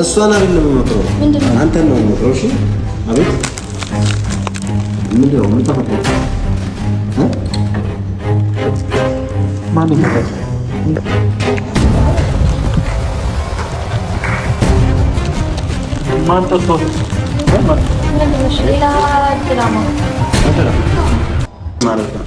እሷን አይደለም የምመክረው፣ አንተን ነው የምመክረው። እሺ አቤት፣ ምንድን ነው የምታፈቅረው? ማን ጠርቶት? ማለት ነው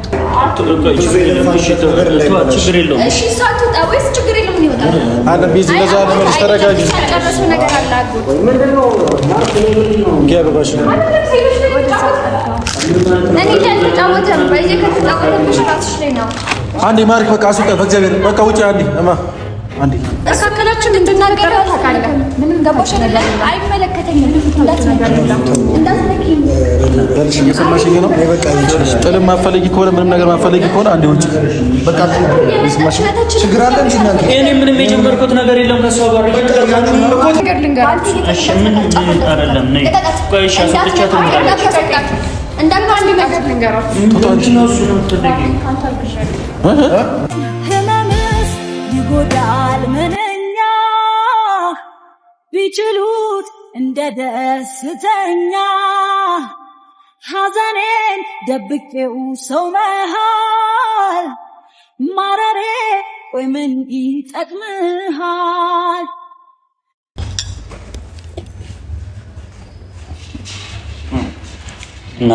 ችግር የለውም። እሺ እሷ አትወጣ ወይስ ችግር አንዴ ማርክ በቃ አስወጣት በእግዚአብሔር በቃ ውጪ አንዴ እማ መካከላችን እንድናገር ታውቃለህ። ምንም ገባሽ አይደለም። እየሰማሽኝ ነው? ጥልም ማፈለጊ ከሆነ ምንም ነገር ማፈለጊ ከሆነ አንዴ ውጭ በቃ። ችግር አለ እንጂ እናንተ እኔ ምንም የጀመርኩት ነገር የለም ከእሷ ጋር እንዳንተ አንድ ነገር ልንገራችሁ ይጎዳል ምንኛ ቢችሉት እንደ ደስተኛ ሐዘኔን ደብቄው ሰው መሃል ማረሬ ቆይ ምን ይጠቅምሃል? እና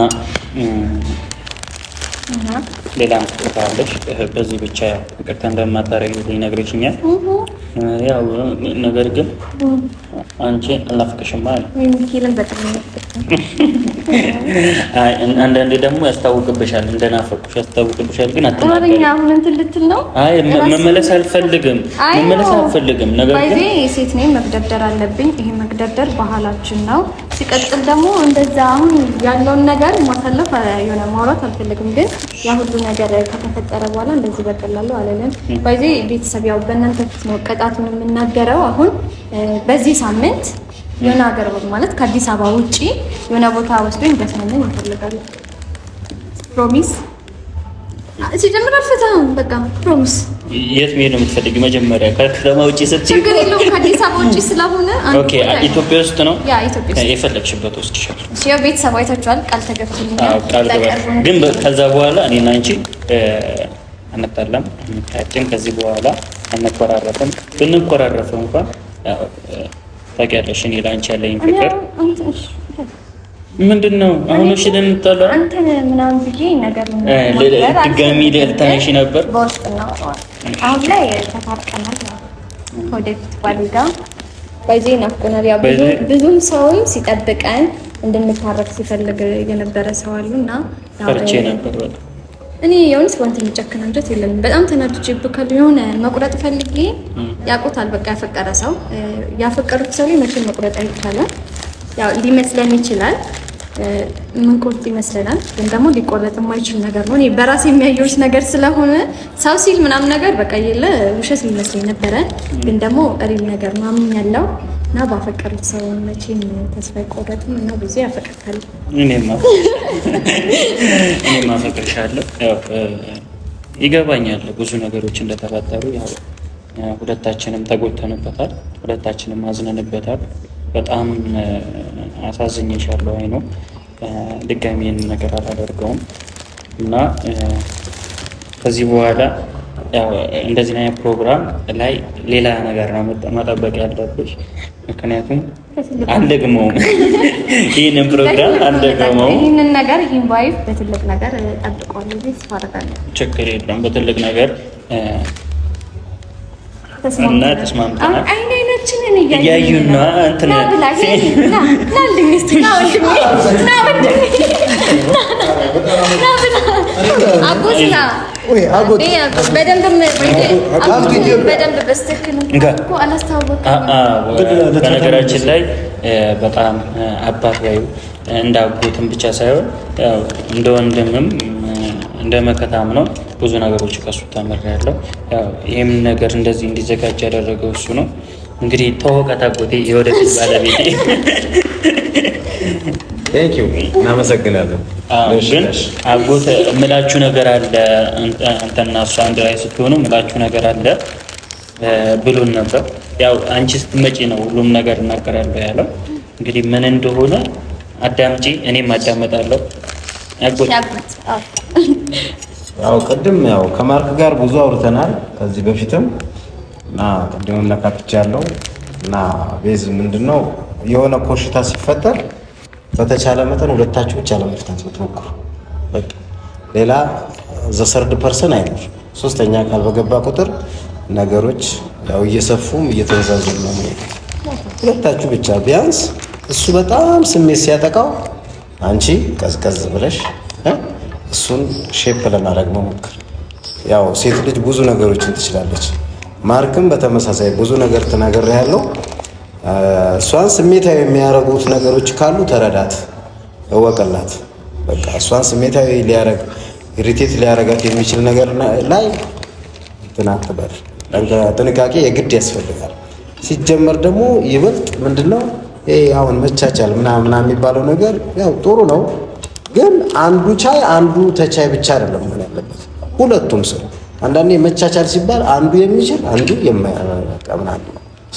ሌላም ቅርታ በዚህ ብቻ ያው ይቅርታ እንደማታደርጊልኝ ነግረሽኛል። ያው ነገር ግን አንቺ አላፍቅሽማ። አንዳንዴ ደግሞ ያስታውቅብሻል፣ እንደናፈቁሽ ያስታውቅብሻል። ግን አሁን እንትን ልትል ነው። አይ መመለስ አልፈልግም፣ መመለስ አልፈልግም። ነገር ግን ሴት ነኝ፣ መግደርደር አለብኝ። ይሄ መግደርደር ባህላችን ነው። ሲቀጥል ደግሞ እንደዛ አሁን ያለውን ነገር ማሳለፍ የሆነ ማውራት አልፈልግም፣ ግን ያ ሁሉ ነገር ከተፈጠረ በኋላ እንደዚህ በቀላሉ አለለም ባይዜ ቤተሰብ ያው በእናንተ ፊት ነው ቀጣቱን የምናገረው። አሁን በዚህ ሳምንት የሆነ ሀገር ማለት ከአዲስ አበባ ውጭ የሆነ ቦታ ወስዶ ኢንቨስትመንት ይፈልጋሉ ፕሮሚስ ሲጀምር አልፈታህም። በቃ ፕሮሚስ። የት መሄድ ነው የምትፈልጊው? መጀመሪያ ከከተማ ውጪ ስትይ ችግር የለውም። ከአዲስ አበባ ስለሆነ ኦኬ። ኢትዮጵያ ውስጥ ነው ያ ኢትዮጵያ ውስጥ የፈለግሽበት ያው ቤተሰብ አይታችኋል። ቃል ተገብቶልኛል። ግን ከዛ በኋላ እኔና አንቺ አንጣላም፣ ከዚህ በኋላ እንኳን ታውቂያለሽ እኔ ለአንቺ ያለኝ ፍቅር ምንድን ነው አሁን? እሺ ልንጠላ አንተን ምናምን ብዬ ነገር ድጋሚ ልታይሽ ነበር። አሁን ላይ ወደፊት ባልጋ ብዙም ሰውም ሲጠብቀን እንድንታረቅ ሲፈልግ የነበረ ሰው ፈርቼ ነበር። እኔ የሚጨክን አንጀት በጣም የሆነ መቁረጥ ፈልጌ ያውቁታል። በቃ ያፈቀረ ሰው ያፈቀሩት ሰው ላይ መቼም መቁረጥ አይቻልም። ያው ሊመስለን ይችላል ምንቆርጥ ይመስለናል፣ ግን ደግሞ ሊቆረጥ የማይችል ነገር ነው። እኔ በራሴ የሚያየሁት ነገር ስለሆነ ሰው ሲል ምናምን ነገር በቃ የለ ውሸት ሊመስለኝ ነበረ፣ ግን ደግሞ ሪል ነገር ማምን ያለው እና ባፈቀሩት ሰው መቼም ተስፋ አይቆረጥም እና ብዙ ያፈቅርካል። እኔም አፈቅርሻለሁ። ይገባኛል ብዙ ነገሮች እንደተፈጠሩ ሁለታችንም ተጎተንበታል፣ ሁለታችንም አዝነንበታል። በጣም አሳዝኜሻለሁ። አይ ነው ድጋሚ ይህንን ነገር አላደርገውም እና ከዚህ በኋላ እንደዚህ አይነት ፕሮግራም ላይ ሌላ ነገር ነው መጠበቅ ያለብሽ። ምክንያቱም አልደግመውም፣ ይህንን ፕሮግራም አልደግመውም። ይህንን ነገር ኢንቫይት በትልቅ ነገር ጠብቀዋል። ችግር የለም፣ በትልቅ ነገር እና ተስማምተናል። እያዩና እንትን በነገራችን ላይ በጣም አባት ላይ እንደ አጎትም ብቻ ሳይሆን እንደ ወንድምም እንደ መከታም ነው። ብዙ ነገሮች ከሱ ያለው ይህም ነገር እንደዚህ እንዲዘጋጅ ያደረገው እሱ ነው። እንግዲህ ተወቀት አጎቴ የወደፊት ባለቤቴ እናመሰግናለን። ግን አጎት እምላችሁ ነገር አለ አንተና እሱ አንድ ላይ ስትሆኑ እምላችሁ ነገር አለ ብሎን ነበር። ያው አንቺ ስትመጪ ነው ሁሉም ነገር እናገራለሁ ያለው። እንግዲህ ምን እንደሆነ አዳምጪ፣ እኔም አዳመጣለሁ። ያው ቅድም ያው ከማርክ ጋር ብዙ አውርተናል ከዚህ በፊትም እና ቅድም ነካክቻለሁ እና ቤዝ ምንድነው የሆነ ኮሽታ ሲፈጠር በተቻለ መጠን ሁለታችሁ ብቻ ለመፍታት ብትሞክሩ። በቃ ሌላ ዘሰርድ ፐርሰን አይኖር። ሶስተኛ አካል በገባ ቁጥር ነገሮች ያው እየሰፉም እየተወዛዙ ነው የሚሄዱት። ሁለታችሁ ብቻ ቢያንስ እሱ በጣም ስሜት ሲያጠቃው አንቺ ቀዝቀዝ ብለሽ እሱን ሼፕ ለማድረግ መሞክር። ያው ሴት ልጅ ብዙ ነገሮችን ትችላለች። ማርክም በተመሳሳይ ብዙ ነገር ትነግር ያለው እሷን ስሜታዊ የሚያደርጉት ነገሮች ካሉ ተረዳት፣ እወቅላት። በቃ እሷን ስሜታዊ ሊያረግ ኢሪቴት ሊያረጋት የሚችል ነገር ላይ ትናትበል ጥንቃቄ የግድ ያስፈልጋል። ሲጀመር ደግሞ ይበልጥ ምንድነው አሁን መቻቻል ምናምና የሚባለው ነገር ያው ጥሩ ነው፣ ግን አንዱ ቻይ አንዱ ተቻይ ብቻ አይደለም መሆን ያለበት ሁለቱም ሰው አንዳንዴ መቻቻል ሲባል አንዱ የሚችል አንዱ የማያቀምናል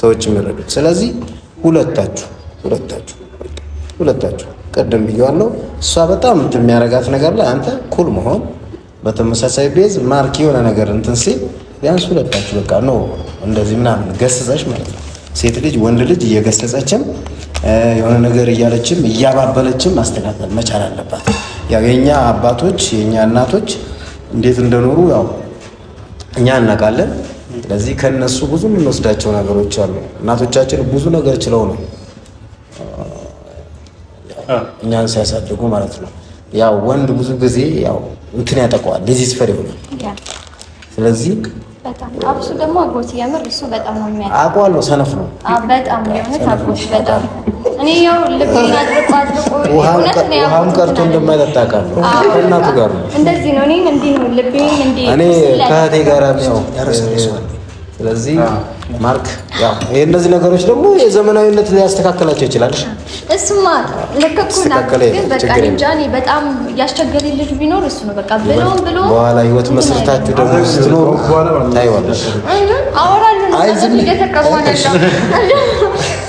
ሰዎች የሚረዱት። ስለዚህ ሁለታችሁ ሁለታችሁ ሁለታችሁ ቀደም ብያዋለሁ። እሷ በጣም እንትን የሚያረጋት ነገር ላይ አንተ ኩል መሆን በተመሳሳይ ቤዝ ማርክ የሆነ ነገር እንትን ሲል ቢያንስ ሁለታችሁ በቃ ነው እንደዚህ ምናምን ገሰጸች ማለት ነው። ሴት ልጅ ወንድ ልጅ እየገሰጸችም የሆነ ነገር እያለችም እያባበለችም ማስተካከል መቻል አለባት። ያው የእኛ አባቶች የእኛ እናቶች እንዴት እንደኖሩ ያው እኛ እናውቃለን። ስለዚህ ከነሱ ብዙ የምንወስዳቸው ነገሮች አሉ። እናቶቻችን ብዙ ነገር ችለው ነው እኛን ሲያሳድጉ ማለት ነው። ያው ወንድ ብዙ ጊዜ ያው እንትን ያጠቀዋል፣ ዲዚዝ ፈሪ ይሆናል። ስለዚህ በጣም አብሱ ደግሞ አጎት የምር እሱ በጣም ነው የሚያውቀው፣ አውቀዋለሁ። ሰነፍ ነው በጣም የሆነ አጎት በጣም ውሃም ያው ልቤን ቀርቶ እንደማይጠጣ ከእናቱ ጋር ነው። እንደዚህ ነው። እኔም እንዲህ ነው እንዲህ እኔ ከእህቴ ጋር ነው። ስለዚህ ማርክ እነዚህ ነገሮች ደግሞ የዘመናዊነት ሊያስተካከላቸው ይችላል። እሱማ ልክ እኮ ግን በቃ እንጃ እኔ በጣም ያስቸገረኝ ልጅ ቢኖር እሱ ነው። በቃ ብሎም ብሎ በኋላ ህይወት መስርታችሁ ደግሞ ስትኖሩ ታይዋለሽ። አወራለሁ ነው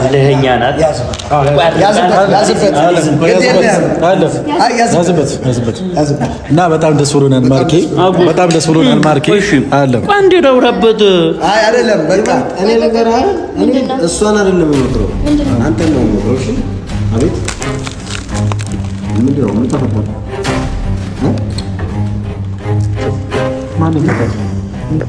እልህኛ ናት። እና በጣም ደስ ብሎናል ማርኬ፣ በጣም ደስ ብሎናል ማርኬ። አይደለም አንድ ደውረበት አይደለም በቃ እኔ ነገር እሷን አይደለም የምመክረው አንተ ነው የምመክረው። እሺ አቤት፣ ምንድን ነው ምን ተፈጠረ? ማን ነው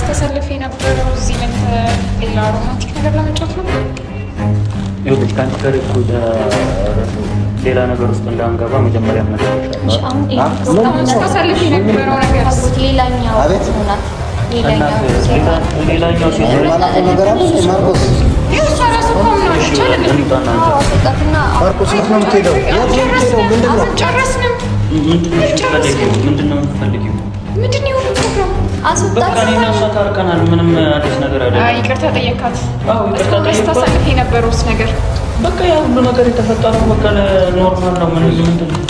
ስታሳልፍ ሌላ ነገር ውስጥ እንዳንገባ መጀመሪያ ስታሳልፍ የነበረው ነገር ሌላኛው ምንድን የሆነ ፕሮግራም አስወጣትና እሷ ታርቀናል። ምንም አዲስ ነገር አይደለም። ይቅርታ ጠየካት ስታሳልፍ የነበረውስ ነገር በቃ ያ ሁሉ ነገር የተፈጠረው በቃ ኖርማል ነው። ምን ምንድን ነው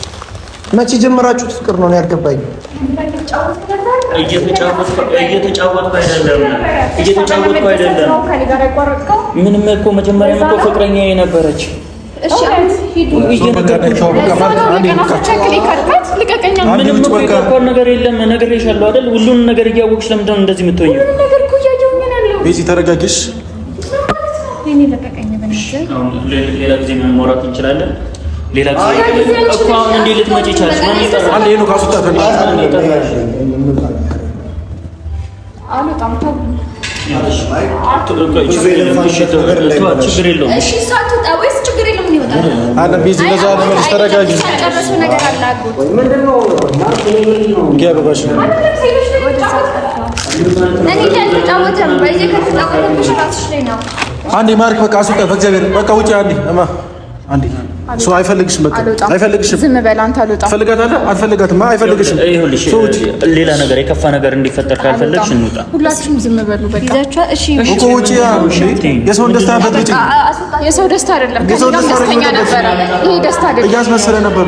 መቼ ጀምራችሁት ፍቅር ነው ያልገባኝ። እየተጫወትኩ አይደለም አይደለም። ምንም እኮ መጀመሪያም እኮ ፍቅረኛ የነበረች ምንም ነገር የለም። ነግሬሻለሁ አይደል? ሁሉንም ነገር እያወቅሽ ለምንድን ነው እንደዚህ የምትሆኝው? ቤዚ ተረጋጊሽ። ሌላ ጊዜ መሞራት እንችላለን። ሌላ ጊዜ እኮ አሁን እንዴት ልትመጪ ቻልሽ? ማን አንዴ ማርክ በቃ አስወጣት። በእግዚአብሔር በቃ ውጪ አንዴ አንዴ ሶ አይፈልግሽም፣ በቃ አይፈልግሽም። ዝም በል አንተ። አልወጣም። ትፈልጋታለህ? አትፈልጋትም። አይፈልግሽም። ይኸውልሽ ሌላ ነገር የከፋ ነገር እንዲፈጠር ካልፈለግሽ እንውጣ። ሁላችሁም ዝም በሉ በቃ። እሺ እኮ ውጪ። የሰውን ደስታ አትበጥብጪ። የሰው ደስታ አይደለም። ከእኔ ጋር ደስተኛ ነበረ። ይሄ ደስታ አይደለም። እያስመሰለ ነበር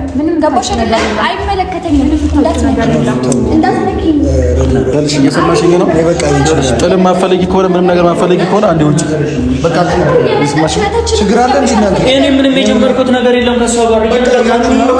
ምንም ገባሽ አይደለ? አይመለከተኝም። እየሰማሽኝ ነው? ጥልም ማፈለጊ ከሆነ ምንም ነገር ማፈለጊ ከሆነ አንዴ ውጭ በቃ። ችግር አለ እኔ ምንም የጀመርኩት ነገር የለም ከሷ ጋር እኮ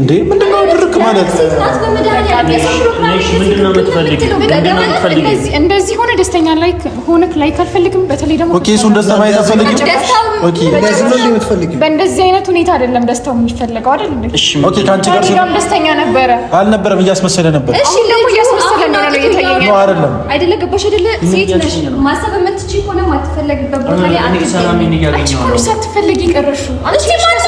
እንዴ ምንድን ነው ድርቅ ማለት? እንደዚህ ሆነ ደስተኛ ላይክ ሆነክ ላይክ አልፈልግም። በተለይ ደግሞ ኦኬ፣ እሱን ደስታ ማየት አልፈልግም። ኦኬ፣ በእንደዚህ አይነት ሁኔታ አይደለም ደስታው የሚፈለገው አይደል? እንዴ? እሺ፣ ኦኬ፣ ካንቺ ጋር ሲሆን ደስተኛ ነበረ አልነበረም? እያስመሰለ ነበር። እሺ፣ ደግሞ እያስመሰለ ነው ነው የታየኝ ነው አይደለም? አይደለ? ገባሽ አይደለ? ሴት ነሽ፣ ማሰብ የምትችይ ሆነ ማትፈለግበት ቦታ ላይ አንቺ ሰላም ይንያገኛው አንቺ ሳትፈልጊ ቀረሽ። አንቺ ማለት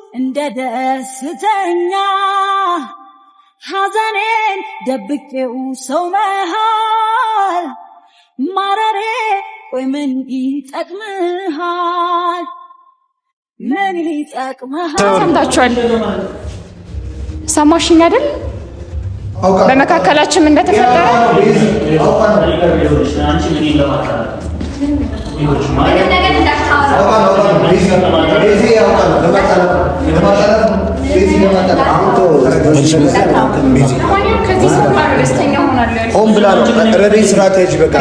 እንደ ደስተኛ ሐዘኔን ደብቄው ሰው መሃል ማረሬ ቆይ ምን ይጠቅምሃል? ምን ይጠቅምሃል? ሰምታችኋል። ሰማሽኝ አይደል? በመካከላችን እንደተፈጠረ ሆን ብላ ነው ረዴ ስራ ተጅ በቃ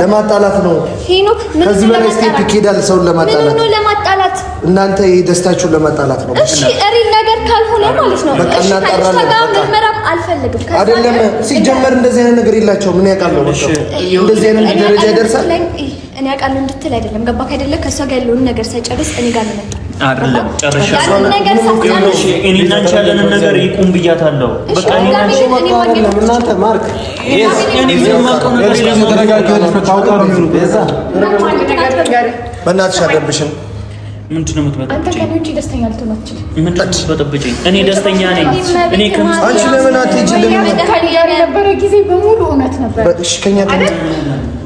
ለማጣላት ነው። ከዚህ በላይ ስሊፕ ይሄዳል። ሰውን ለማጣላት እናንተ የደስታችሁን ለማጣላት ነው። እሺ ሪል ነገር ካልሆነ ማለት ነው። በቃ እናጣራለን። አልፈልግም አይደለም። ሲጀመር እንደዚህ አይነት ነገር የላቸውም። ምን ያውቃለሁ? እንደዚህ አይነት ደረጃ ይደርሳል። እኔ ያውቃለሁ እንድትል አይደለም። ገባክ አይደለ? ከእሷ ጋር ያለውን ነገር ሳይጨርስ እኔ ጋር ልመጣ አይደለም ጨርሻለሁ። እኔ እና አንቺ ያለንን ነገር እና አንቺ እኔ ደስተኛ ነኝ። እኔ ከምስት አንቺ ለምን አትሄጂልም? ከእኔ ጋር የነበረ ጊዜ በሙሉ እውነት ነበር።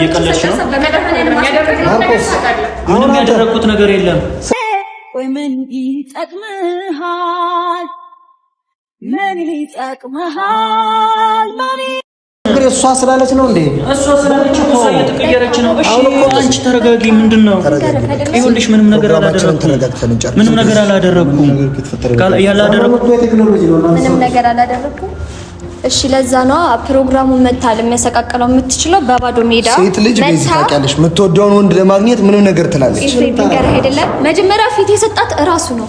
እየቀለድሽ ነው። ምንም ያደረግኩት ነገር የለም። ቆይ ምን ይጠቅምሃል? ምን ይጠቅምሃል? እሷ ስላለች ነው እንዴ? እሷ ስላለች እኮ እየተቀየረች ነው። እሺ አንቺ ተረጋጊ። ምንድን ነው ይኸውልሽ፣ ምንም ነገር አላደረኩም። ምንም ነገር አላደረኩም። ያላደረኩት ቴክኖሎጂ ነው። ምንም ነገር አላደረኩም። እሺ ለዛ ነው ፕሮግራሙን መታል ለሚያሰቃቀለው የምትችለው በባዶ ሜዳ ሴት ልጅ ቤት ታውቂያለሽ፣ የምትወደውን ወንድ ለማግኘት ምንም ነገር ትላለች። ነገር አይደለም መጀመሪያ ፊት የሰጣት እራሱ ነው።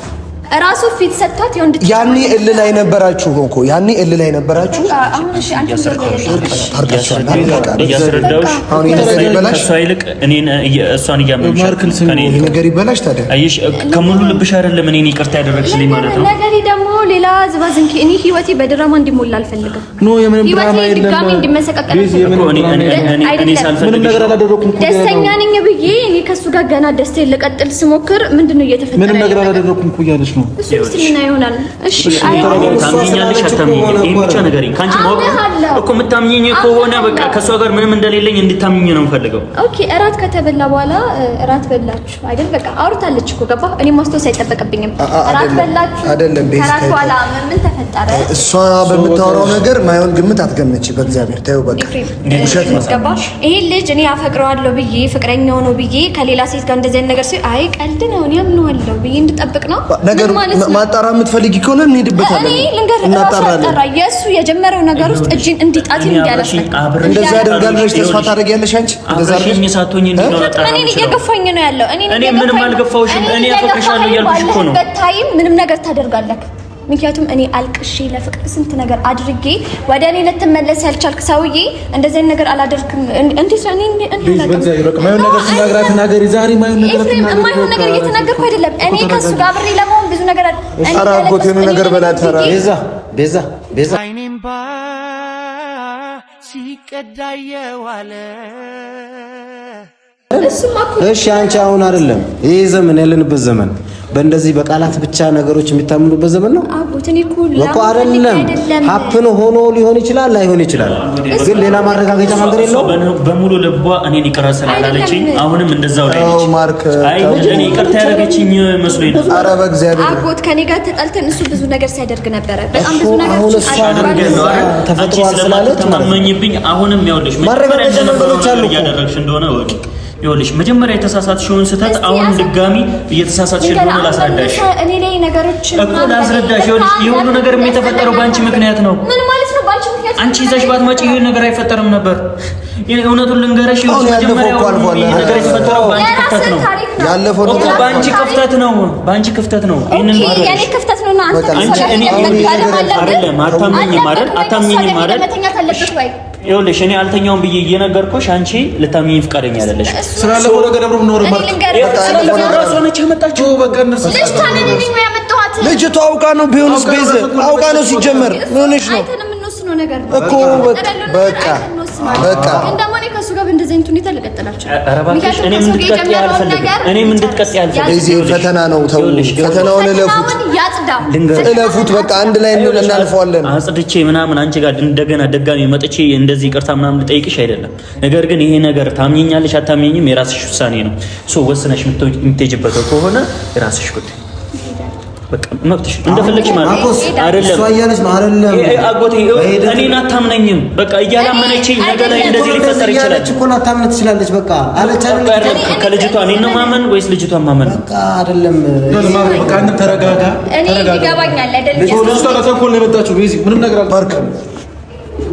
እራሱ ፊት ሰጣት። የወንድ ያኔ እልል ላይ ነበራችሁ እኮ ያኔ እልል ላይ ነበራችሁ። አሁን እሺ አንቺ ነገር ይበላሽ ታዲያ ከሙሉ ልብሽ አይደለም እኔን ይቅርታ ያደረግሽልኝ ማለት ነው። ሌላ ዝባዝንኪ። እኔ ህይወቴ በድራማ እንዲሞላ አልፈልግም። ኖ የምንም ድራማ የለም። ድጋሚ እንዲመሰቃቀል ደስተኛ ነኝ ብዬ እኔ ከሱ ጋር ገና ደስቴ ልቀጥል ስሞክር ምንድን ነው እየተፈጠረ? ምንም ነገር አላደረኩም እኮ እያለች ነው። እሱ ውስጥ ምን ይሆናል? እሺ ታምኛለሽ አታምኝም? ይሄን ብቻ ነገር ከአንቺ ማወቅ እኮ የምታምኘኝ ከሆነ በቃ ከእሷ ጋር ምንም እንደሌለኝ እንድታምኝ ነው የምፈልገው። ኦኬ እራት ከተበላ በኋላ እራት በላችሁ አይደል? በቃ አውርታለች እኮ ገባ። እኔ ማስታወስ አይጠበቅብኝም። እራት በላችሁ አይደለም ቤት እሷ በምታወራው ነገር ማይሆን ግምት አትገምች። በእግዚአብሔር ተይው፣ በቃ ውሸት ነው። ይሄ ልጅ እኔ አፈቅረዋለሁ ብዬ ፍቅረኛው ነው ብዬ ከሌላ ሴት ጋር እንደዚህ ነገር ሲሆን አይ ቀልድ ነው እኔ አምነዋለሁ ብዬ እንድጠብቅ ነው ነገር። ማጣራ የምትፈልጊ ከሆነ እንሄድበታለን፣ እናጣራለን። የእሱ የጀመረው ነገር ውስጥ እጅን እንዲጣት እንዲያለሽ እንደዛ ያደርጋል ብለሽ ተስፋ ታደርጊያለሽ አንቺ? እየገፋኝ ነው ያለው። እኔ ምንም አልገፋሁሽም። እኔ አፈቅርሻለሁ እያልኩሽ እኮ ነው። በታይም ምንም ነገር ታደርጋለህ ምክንያቱም እኔ አልቅሼ ለፍቅር ስንት ነገር አድርጌ ወደ እኔ ልትመለስ ያልቻልክ ሰውዬ እንደዚህ ነገር አላደርክም። እንዴት ነገር እየተናገርኩ አይደለም። እኔ ከሱ ጋር አብሬ ለመሆን ብዙ ነገር ነገር ሲቀዳ የዋለ እሺ፣ አንቺ አሁን አይደለም ዘመን ያለንበት ዘመን በእንደዚህ በቃላት ብቻ ነገሮች የሚታምኑበት ዘመን ነው እኮ አይደለም። ሀፕን ሆኖ ሊሆን ይችላል ላይሆን ይችላል፣ ግን ሌላ ማረጋገጫ መንገድ የለውም። በሙሉ ልቧ እኔን ይቅር ስላላለችኝ አሁንም እንደዛው ላይ ነች። ማርክ እኔ ይቅርታ ያደረገችኝ መስሎኝ ነው። ኧረ በእግዚአብሔር አጎት ከኔ ጋር ተጣልተን እሱ ብዙ ነገር ሲያደርግ ነበረ። በጣም ብዙ ነገር ተፈጥሯል ስላለች ማለት ነው። አሁንም ያውልሽ ማረጋገጫ ነገሮች አሉ እኮ ይኸውልሽ መጀመሪያ የተሳሳትሽውን ስህተት አሁን ድጋሚ እየተሳሳትሽ እንደሆነ ላስረዳሽ እኔ ላይ ነገሮች እኮ ላስረዳሽ። ይኸውልሽ ይሄ ነገር የተፈጠረው በአንቺ ምክንያት ነው። ምን ማለት ነው? በአንቺ ምክንያት አንቺ ይዘሽ ባትመጪ ይሄ ነገር አይፈጠርም ነበር። እውነቱን ልንገረሽ፣ ይኸውልሽ መጀመሪያ ነገር የተፈጠረው በአንቺ ክፍተት ነው። ያለፈው ነው። በአንቺ ክፍተት ነው። በአንቺ ክፍተት ነው። ይሄንን ማለት ያኔ ክፍተት ነው። አንቺ እኔ አይደለም አታምኚኝም አይደል? አታምኚኝም አይደል? ይኸውልሽ እኔ አልተኛውም ብዬ እየነገርኩሽ አንቺ ልታምኚኝ ፍቃደኛ አይደለሽ። ስላለፈው ነገር አብሮ ብኖር ልጅቷ አውቃ ነው ቢሆንስ፣ ቤዝ አውቃ ነው ሲጀመር ምን ሆነሽ ነው እኮ በቃ በቃ ጋር በእንደዚህ አይነት ሁኔታ ልቀጥላችሁ። እኔም ያልፈልግ። እዚህ ፈተና ነው። ተው ፈተናውን እለፉት፣ እለፉት። በቃ አንድ ላይ እናልፈዋለን። አጽድቼ ምናምን አንቺ ጋር እንደገና ደጋሚ መጥቼ እንደዚህ ይቅርታ ምናምን ልጠይቅሽ አይደለም። ነገር ግን ይሄ ነገር ታምኘኛለሽ አታምኘኝም የራስሽ ውሳኔ ነው። ሶ ወስነሽ የምትሄጂበት ከሆነ የራስሽ ጉዳይ በቃ መብትሽ እንደፈለግሽ ማለት አይደለም። እኔን አታምነኝም። በቃ እያላመነችኝ ነገ ላይ እንደዚህ ሊፈጠር ይችላል እኮ ላታምነ ትችላለች። በቃ አለች ከልጅቷ እኔን ነው ማመን ወይስ ልጅቷን ማመን? በቃ አይደለም። ተረጋጋ። እኔ ይገባኛል አይደለም። ልጅቷ ለተንኮል ነው የመጣችው። ቤዚ ምንም ነገር አልተባርክም።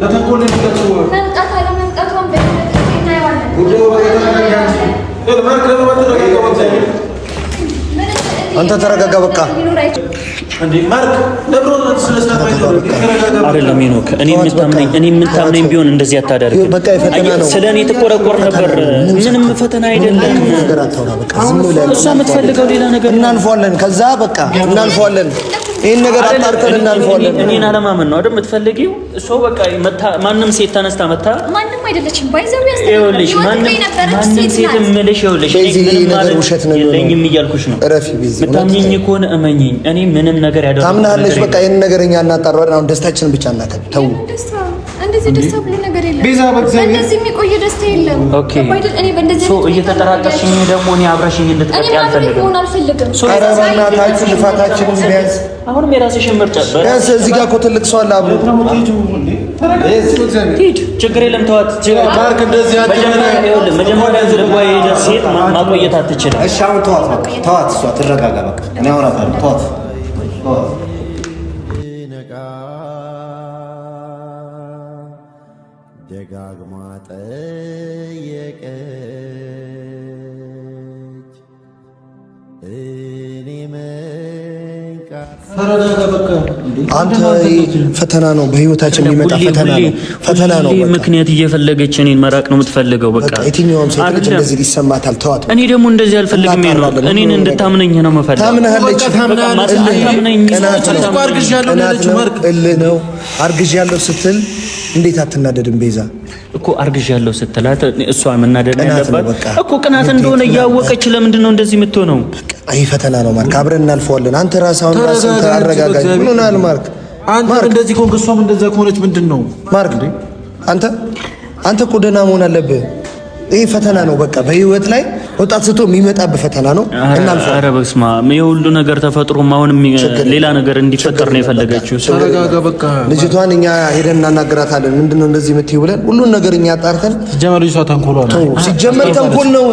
ለተንኮል ነው የመጣችው። መምጣት አለመምጣቷን በእናትህ እናየዋለን። አንተ ተረጋጋ። በቃ አይደለም ሄኖክ፣ እኔ የምታምነኝ እኔ የምታምነኝ ቢሆን እንደዚህ አታደርግም። በቃ ፈተና ነው። ስለ እኔ ትቆረቆር ነበር። ምንም ፈተና አይደለም። እሷ የምትፈልገው ሌላ ነገር። እናልፈዋለን፣ ከዛ በቃ እናልፈዋለን። ይህን ነገር አጣርተን እናልፈዋለን። እኔን አለማመን ነው አይደል የምትፈልጊው? እሱ በቃ ማንም ሴት ተነስታ መታ ማንም አይደለችም ባይዘው ነገር ውሸት ነው ነው። እኔ ምንም ነገር ያደረኩት ታምናለሽ። በቃ ይሄን ነገር እኛ እናጣራዋለን። አሁን ደስታችን ብቻ እናከብ። ተው ሶ እየተጠራጠርሽኝ ደግሞ እኔ አብረሽኝ እንድትቀጥይ አልፈልግም። ሆነ አልፈልግም። ልፋታችንን ቢያንስ አሁንም የራስሽን ምርጫ እዚህ ጋር እኮ ትልቅ ሰው አለ አብሮ ችግር የለም። ተዋት ማርክ፣ እንደዚህ መጀመሪያ ሴት ማቆየት አትችልም። እሺ አሁን ተዋት፣ ተዋት። እሷ ትረጋጋ። በቃ እኔ አውራታለሁ። ተዋት ጠየቀች። እኔ መንቃት አንተ ፈተና ነው፣ በህይወታችን የሚመጣ ፈተና ነው። ፈተና ነው ምክንያት እየፈለገች እኔን መራቅ ነው የምትፈልገው። በቃ የትኛውም ሴት ልጅ እንደዚህ ሊሰማታል። ተዋት። እኔ ደግሞ እንደዚህ አልፈልግም። እኔን እንድታምነኝ ነው መፈልግ። ታምናለች። እልህ ነው አርግዣለሁ ስትል እንዴት አትናደድም ቤዛ? እኮ አርግዣለሁ ስትላት እሷ መናደድ ያለባት እኮ ቅናት እንደሆነ እያወቀች ለምንድን ነው እንደዚህ የምትሆነው? ይህ ፈተና ነው። አብረን እናልፈዋለን። አንተ ራስህ አሁን ራስህን ተረጋጋ። ማርክ አንተ እንደዚህ ከሆንክ እሷም እንደዛ ከሆነች ምንድን ነው ማርክ? አንተ አንተ እኮ ደህና መሆን አለብህ። ይህ ፈተና ነው። በቃ በህይወት ላይ ወጣት ስቶ የሚመጣብህ ፈተና ነው። ኧረ በስማ አብ! ሁሉ ነገር ተፈጥሮ አሁን ሌላ ነገር እንዲፈጠር ነው የፈለገችው። ተረጋጋ በቃ። ልጅቷን እኛ ሄደን እናናገራታለን። ምንድን እንደዚህ የምትይው ብለን ሁሉን ነገር እኛ አጣርተን ሲጀመር ልጅቷ ተንኮሏ ነው። ሲጀመር ተንኮል ነው።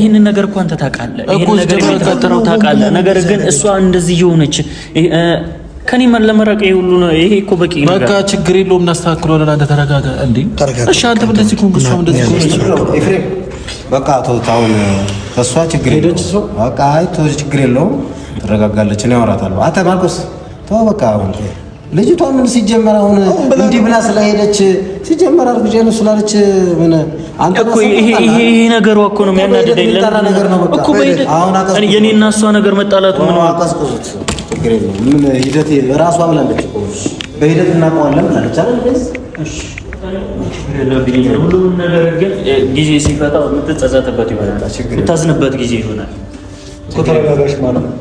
ይህን ነገር እኮ አንተ ታውቃለህ፣ ይህን ነገር የሚፈጠረው ታውቃለህ። ነገር ግን እሷ እንደዚህ የሆነች ከኔ ማን ለመራቅ ይሄ ሁሉ ነው? ይሄ እኮ በቂ ነው። በቃ ችግር የለውም እናስተካክለዋለን። አንተ ተረጋጋ። እንዴ እሺ፣ አንተ እንደዚህ ኩን ጉሳው እንደዚህ ኩን ኤፍሬም፣ በቃ ተውታውን እሷ ችግር የለውም። በቃ አይ ተው፣ ችግር የለውም ትረጋጋለች። እኔ አወራታለሁ። አንተ ማርቆስ ተው፣ በቃ አሁን ልጅቷ ምን ሲጀመር አሁን እንዲህ ብላ ስለሄደች ሲጀመር አርግጄ ነው ስላለች ምን አንተ እኮ ይሄ ይሄ ነገር እኮ ነው የሚያናደደኝ። ለምን ነገር ነው በቃ አሁን የኔና እሷ ነገር መጣላቱ ምን ነው አቀስቁዙት ችግር የለውም። ምን ሂደት እራሷ ብላለች እኮ በሂደት እናውቀዋለን ብላለች አይደል? እሺ ሁሉም ነገር ግን ጊዜ ሲፈታ የምትጸጸትበት ይሆናል፣ የምታዝንበት ጊዜ ይሆናል። ተረጋጋሽ ማለት ነው